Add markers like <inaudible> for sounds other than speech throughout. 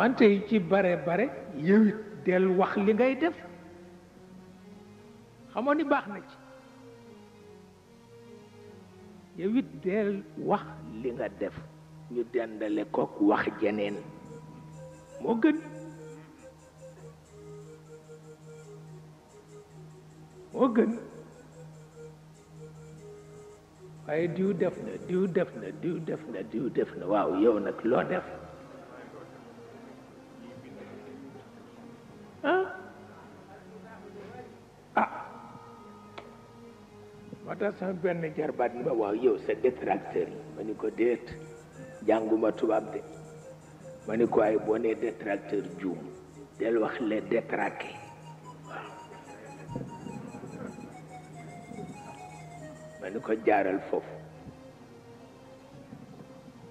wante yi ci bare bare yow it wax li ngay def xamoon ni baax na ci yow it wax li nga def ñu dendale kook wax jeneen moo gën moo gën waaye diw def na diw def na diw def na diw def na waaw yow nag loo def tax sama benn jarbaat ni ma waaw yow sa détracteur yi ma ni ko déet jànguma tubaab de ma ni ko ay boo nee détracteur juum del wax les détraqués ma ni ko jaaral foofu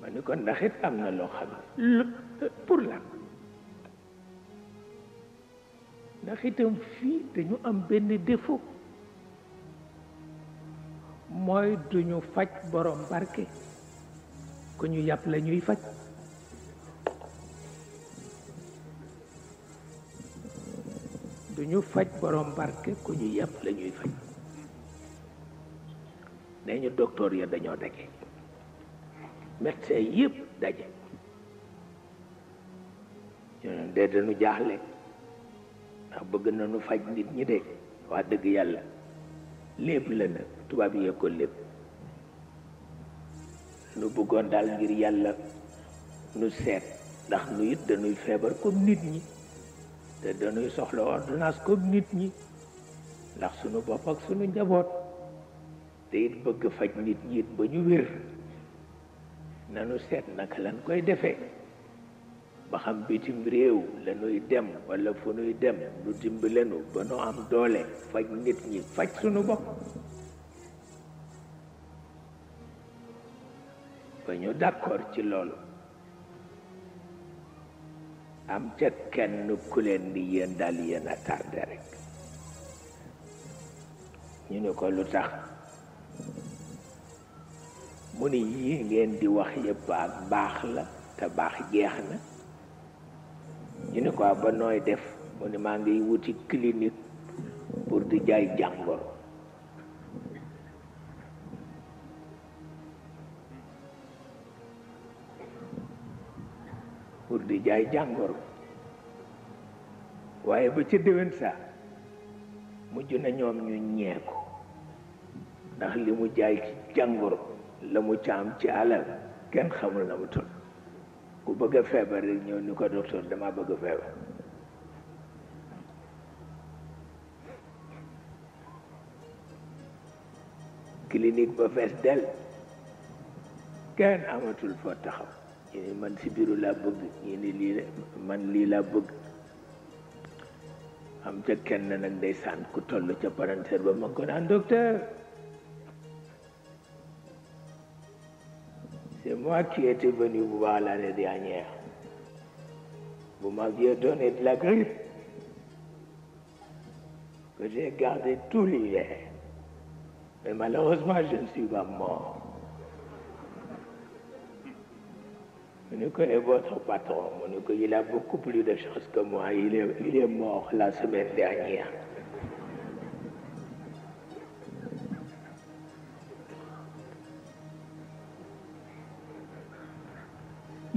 ma ni ko ndaxit am na loo xam ne pour la ndax fii dañu am benn défaut mooy duñu faj borom barke ku ñu yàpp la ñuy faj duñu faj borom barke ku ñu yàpp lañuy ñuy faj nee ñu docteur ya dañoo daje médecin yëpp daje ñu ne dee jaaxle ndax bëgg nañu faj nit ñi de waa dëgg yàlla lépp la nag tubaab yee ko lépp nu bëggoon daal ngir yàlla nu seet ndax nu it dañuy feebar comme nit ñi te dañuy soxla ordonnance comme nit ñi ndax sunu bopp ak sunu njaboot te it bëgg faj nit ñi it ba ñu wér nanu seet naka lan koy defee ba xam bitim réew la nuy dem wala fu nuy dem nu dimbalenu ba nu am doole faj nit ñi faj suñu bopp ba ñu d'accord ci loolu am ca kenn ku leen ni yéen dal yéen a tardé rek ñu ne ko lu tax mu ni yii ngeen di wax yépp ak baax la te baax jeex na quoi ba nooy def mu ne maa ngi wuti clinique pour di jaay jàngoro pour di jaay jàngoro waaye ba ca déwén sa mujj na ñoom ñu ñee ko ndax li mu jaay ci jàngoro la mu caam ci alal kenn xamul na mu toll ku bëgg a feebar rek ñëw ni ko docteur dama bëgg a feebar clinique ba fees del kenn amatul foo taxaw ñu ni man si biiru laa bëgg ñu ni lii man lii laa bëgg am ca kenn nag day saan ku toll ca parenteer ba man ko naan docteur moi qui étais venu vous voir l'année dernière. Vous m'aviez donné de la grippe que j'ai gardée tout l'hiver. Mais malheureusement, je ne suis pas mort. Je connais votre patron, il a beaucoup plus de chance que moi. il est mort la semaine dernière.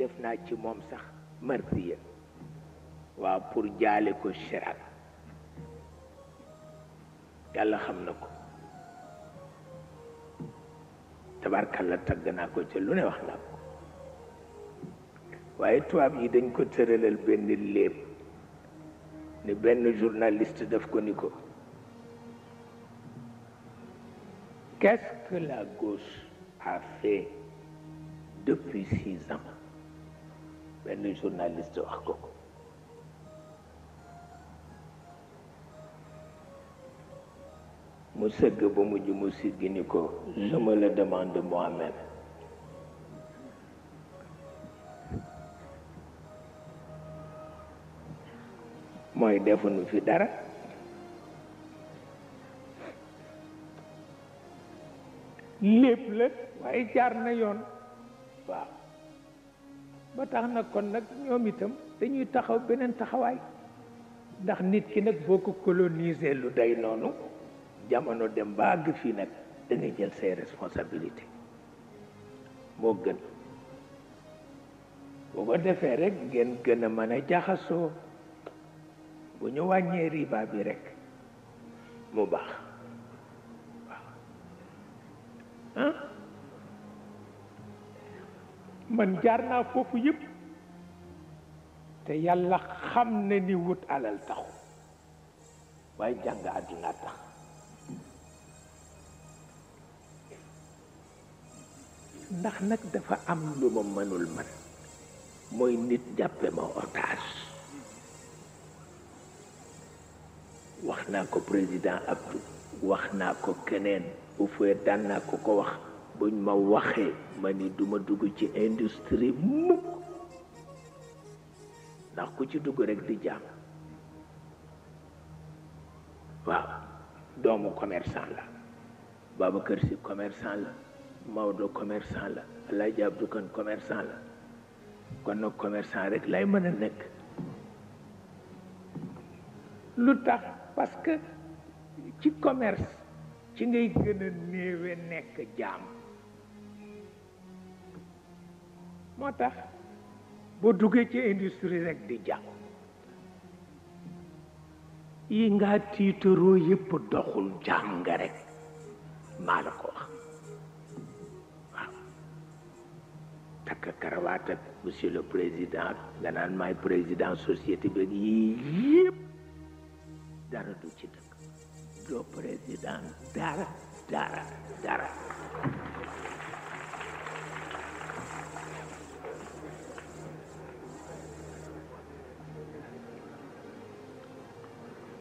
defna ci mom sax marsiya wa pour jaale ko Chirac yàlla xam na ko tabarkalla tagg ko ci lu ne wax la ko waaye tubaab yi dañ ko tëralal ben léeb ni ben journaliste def ko niko qu'est-ce que la gauche a fait depuis six ans benn journaliste wax ko ko mu sëgg ba mujj mu siggi ni ko je me demande moi-même mooy defuñu fi dara lépp la waaye jaar na yoon waaw ba tax na kon nag ñoom itam dañuy taxaw beneen taxawaay ndax nit ki nag boo ko coloniser lu day noonu jamono dem ba àgg fii nag da ngay jël say responsabilité moo gën boo ko defee rek ngeen gën a mën a jaxasoo bu ñu wàññee riba bi rek mu baax waaw man jaar naa foofu yëpp te yàlla xam ne ni wut alal taxu waaye jàng àdduna tax ndax nag dafa am lu ma mënul man mooy nit jàppe ma otage wax naa ko président Abdou wax naa ko keneen bu fuyee daan naa ko ko wax buñ ma waxé mani duma dugg ci industri mukk ndax ku ci dugg rek di jàng waaw doomu commerçant la babacar si commerçant la maodo commerçant la alaaji du kan commerçant la kon nag commerçant rek lay mën a nekk lu tax parce que ci commerce ci ngay gën a néewe nekk moo tax boo duggee ci industrie rekk di jàng yi nga tiitaroo yépp doxul jàng rek maa la ko wax takk karawaat ak monsieur le président nga naan maay président société bi yii yépp dara du ci dëkk doo président dara dara dara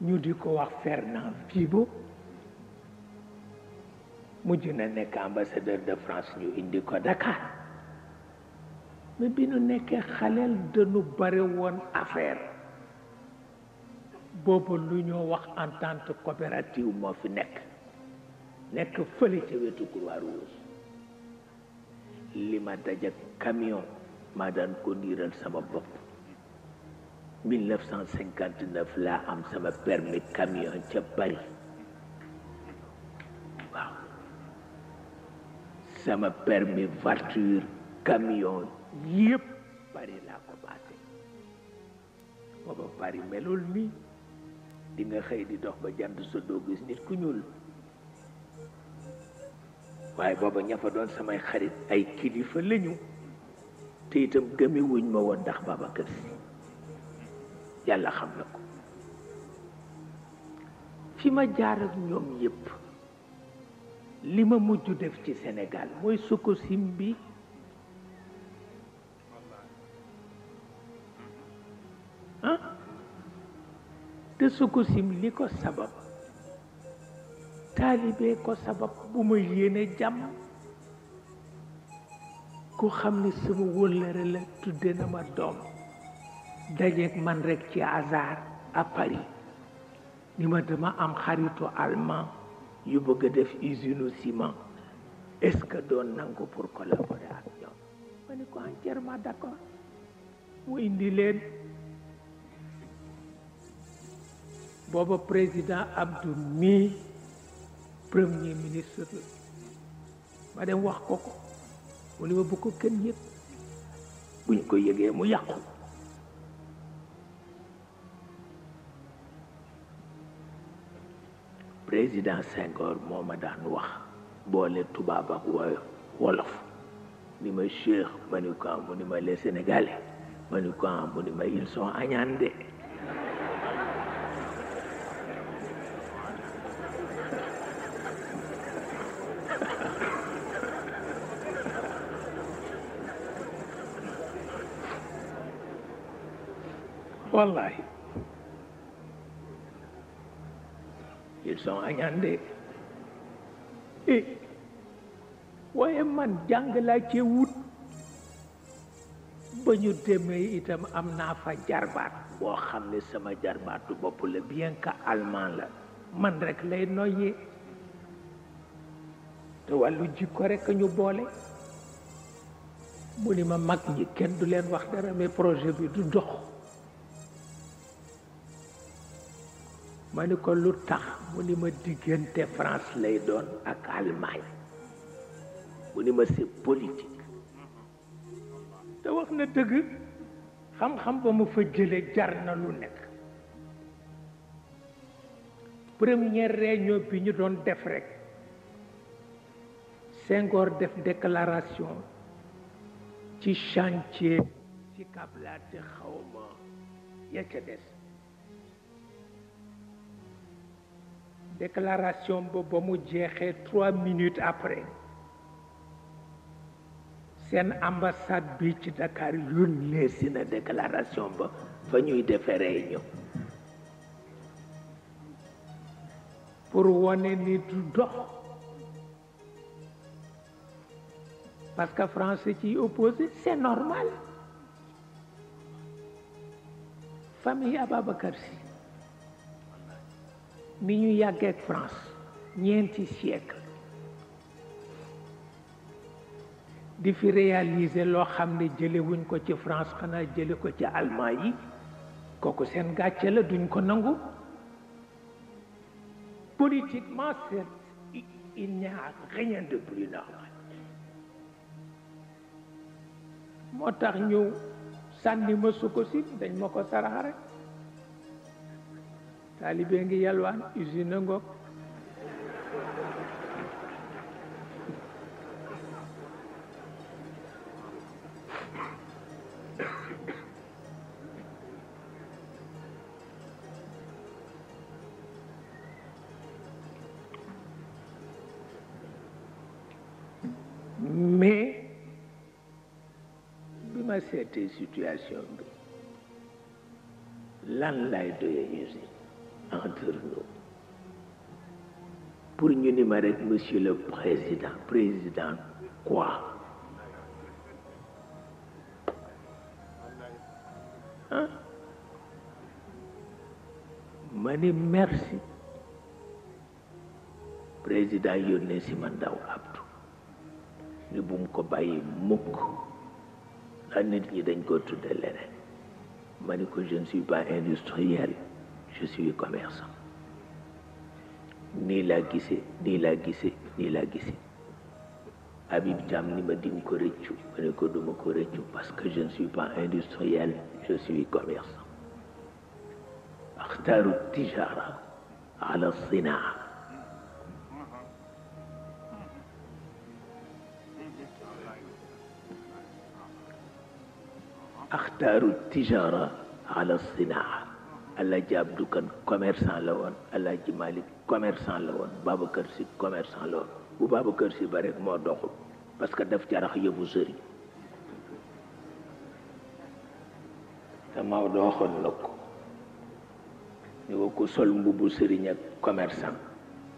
ñu di ko wax Fernand Fibo mujj na nekk ambassadeur de France ñu indi ko Dakar mais bi nu nekkee xaleel dañu bare woon affaire boobu lu ñoo wax entente coopérative moo fi nekk nekk fële ca wetu couloir Rouge li ma dajak camion ma daan ko sama bopp 1959 laa am sama permis camion ca Paris waaw sama permis voiture camion yëpp Paris laa ko passé booba Paris melul nii di xëy di dox ba jant sa doo gis nit ku ñuul waaye booba ña doon samay xarit ay kilifa lañu te itam gëmewuñ ma woon ndax Babacar Sy yàlla xam na ko fi ma jaar ak ñoom yépp li ma mujj def ci senegaal mooy Sococim bi ah te Sococim li ko sabab taalibe ko sabab bu ma yéene jàmm ku xam ni sama wëllëre la tudde na ma doom dajeeg man rek ci hasard à Paris ni ma dama am xaritu allemand yu bëgg a def usine ciment est-ce que doon nangu pour collaborer ak ñoom ma ni mu indi leen booba président Abdou mi premier ministre la dem wax koko ko mu ni ma bu ko kenn yëg buñ ko yëgee mu yàqu président Senghor moo ma daan wax boole tubaab wolof ni ma Cheikh ma ni ni ma les Sénégalais ma ni ni ma ils sont añaande <laughs> wallahi anyande e waaye man jàng laa cee wut ba ñu itam am fa jarbaat boo xam sama jarbaatu bopp la bien que allemand la man rek lay noyyee te wàllu jikko rek ñu boole mu ni ma mag ñi kenn du leen wax dara mais projet bi du dox ma ni ko lu tax mu ni ma diggante France lay doon ak Allemagne mu ni ma c'est politique te wax na dëgg xam-xam ba mu fa jële jar na lu nekk première réunion bi ñu doon def rek Senghor def déclaration ci chantier ci kablaate xawma ya ca des déclaration pour djexé 3 trois minutes après une ambassade bi ci Dakar a laissé déclaration ba fa ñuy déféré ñu pour wone ni du parce que france est opposé c'est normal famille ababakar mi ñu France ñeenti siècle di fi réaliser lo xamné ne jëlewuñ ko ci France xana jëlé ko ci Allemagne yi kooku sen gatché la duñ ko nangu politiquement c'est il n'y a rien de plus normal moo ñu sànni ma su ko si dañ mako ko rek taalibe ngi yalwaan usine na ngoog mais bi ma seetee situation bi lan lay doye usine entre nous pour ñu ni ma monsieur le président président quoi ah ma merci président yónnee si Abdou ni bu mu ko bàyyi mukk ndax nit ñi dañ ko tudde ma ko je ne suis pas industriel je suis commerçant Ni la guise, ni la gisee ni la gisee Habib Jamni ni ma dit que ko ne ko parce que je ne suis pas industriel je suis commerçant axtaaru tijara ala sinaa axtaaru tijara ala sinaa Alaaji Abdou Kan commerçant la woon Alaaji Malick commerçant la woon Babacar Sy commerçant la woon bu Babacar Sy ba rek moo doxul parce que daf jarax yëfu sëriñ te Maodo waxoon na ko ni ko sol mbubu sëriñ ak commerçant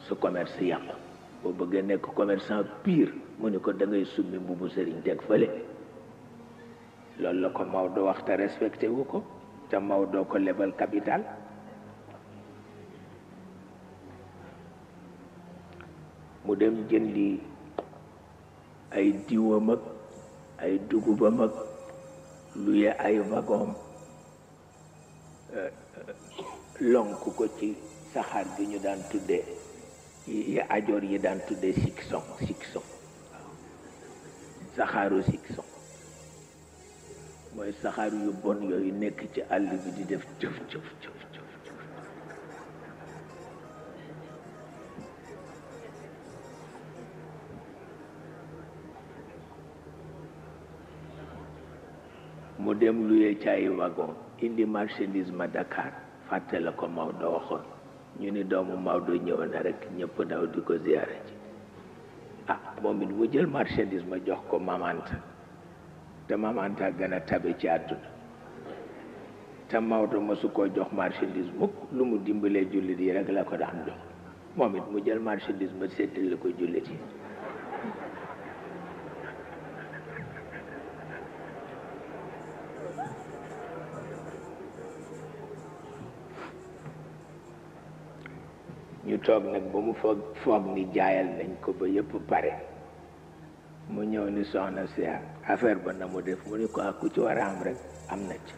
su commerce yàqu boo bëggee nekk commerçant pire mu ni ko da ngay summi mbubu sëriñ teg fële loolu la ko Maodo waxta respecté wu ko te Maodo ko lebal capital mu dem jëndi ay diwam ak ay dugubam lu luye ay wagon euh, euh, lonk ko ci saxaar gi ñu daan tudde yi ajoor yi daan tudde sikson sikson saxaaru sikson mooy saxaar yu bon yooyu nekk ci àll bi di def jëf jëf jëf jëf jëf mu dem luyee caay wagon indi marchandise ma Dakar fàttali ko Maodo waxoon ñu ni doomu Maodo ñëw na rek ñëpp daw di ko ziare ci ah moom it mu jël marchandise ma jox ko Mamante. te maam Anta gën tabe ci àdduna te Maodo mosu koo jox marchandise mukk lu mu dimbalee jullit yi rek la ko daan jox moom it mu jël marchandise ba séddale ko jullit yi ñu toog nag ba mu foog foog ni jaayal nañ ko ba yëpp pare mu ñëw ni soxna si affaire ba na mu def mu ni ko ak ku ci war a am rek am na ci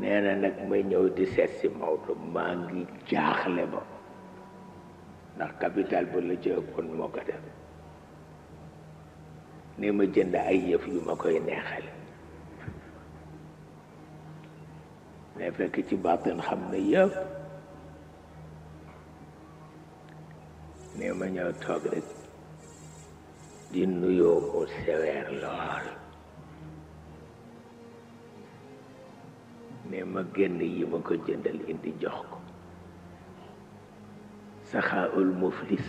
nee na nag may ñëw di seet si mawtu maa ngi jaaxle ba ndax capital bu la jëkkoon moo ko def ni ma jënd ay yëf yu ma koy neexal mais fekk ci baatin xam na yëf ni ma ñëw toog rek di nuyoo mu sévère lool ne ma génn yi ma ko jëndal indi jox ko saxaaul muflis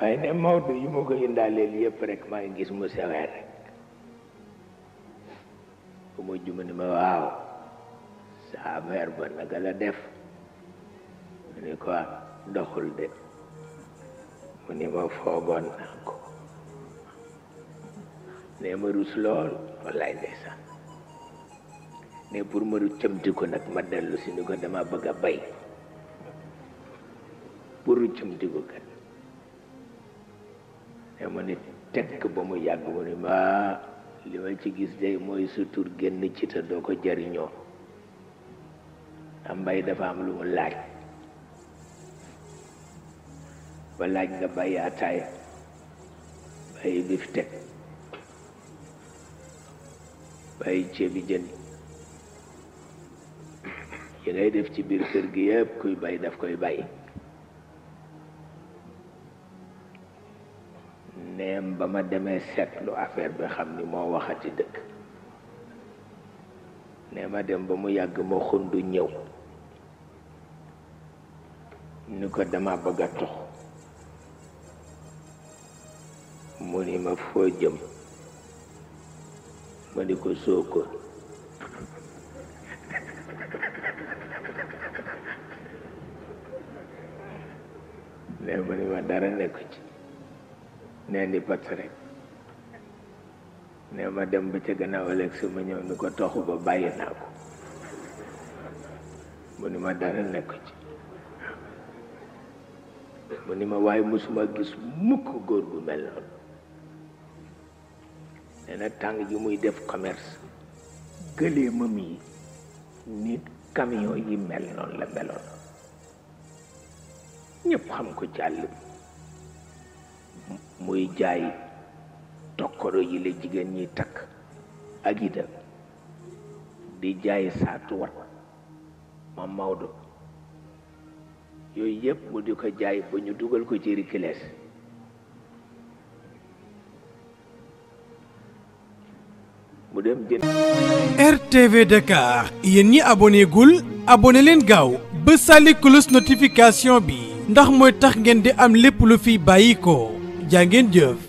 waaye ne Maodo yi ma ko indaaleel yëpp rek maa ngi gis mu sewee rek bu ma juma ni ma waaw sa affaire ba naka la def mu ni ko doxul de ni ma foogoon naa ko ne ma rus lool wallaay ndeysaan ne pour ma rus cëmti ko nag ma dellu si ni ko dama bëgg a bay pour rus cëmti ko kat te ma ni tekk ba mu yàgg mu ni ma li ma ci gis day mooy sutur génn ci te doo ko jariñoo am mbay dafa am lu mu laaj ba laaj nga bàyyi ataaya bàyyi bi fi teg bàyyi ceebi jën yi ngay def ci biir kër gi yëpp kuy bay daf koy bàyyi neem ba ma demee lu affaire bi xam ni moo waxati dëkk nee ma dem ba mu yàgg ma xundu ñëw ni ko dama bëgg a tox mu ni ma foo jëm ma ni ko soo nee di pat rek ma dem ba ca gannaaw ëllëg ñëw ni ko toxu ba bàyyi naa ko mu ni ma dara nekk ci mu ni ma waaye mosuma gis mukk góor gu mel noonu nee tàng ji muy def commerce gëlee mam yi nit camion yi mel noonu la meloon ñëpp xam ko ci bi muy jaay tokkoro yi le jigen ñi tak agida di jaay saatu wat ma mawdu yoy yep mu di ko jaay bu ñu duggal ko ci rikilees RTV Dakar yéen ñi abonné gul abonné len gaaw ba sàlli kulus notification bi ndax moy tax ngeen di am lepp lu fi bayiko jaa ngeen jëf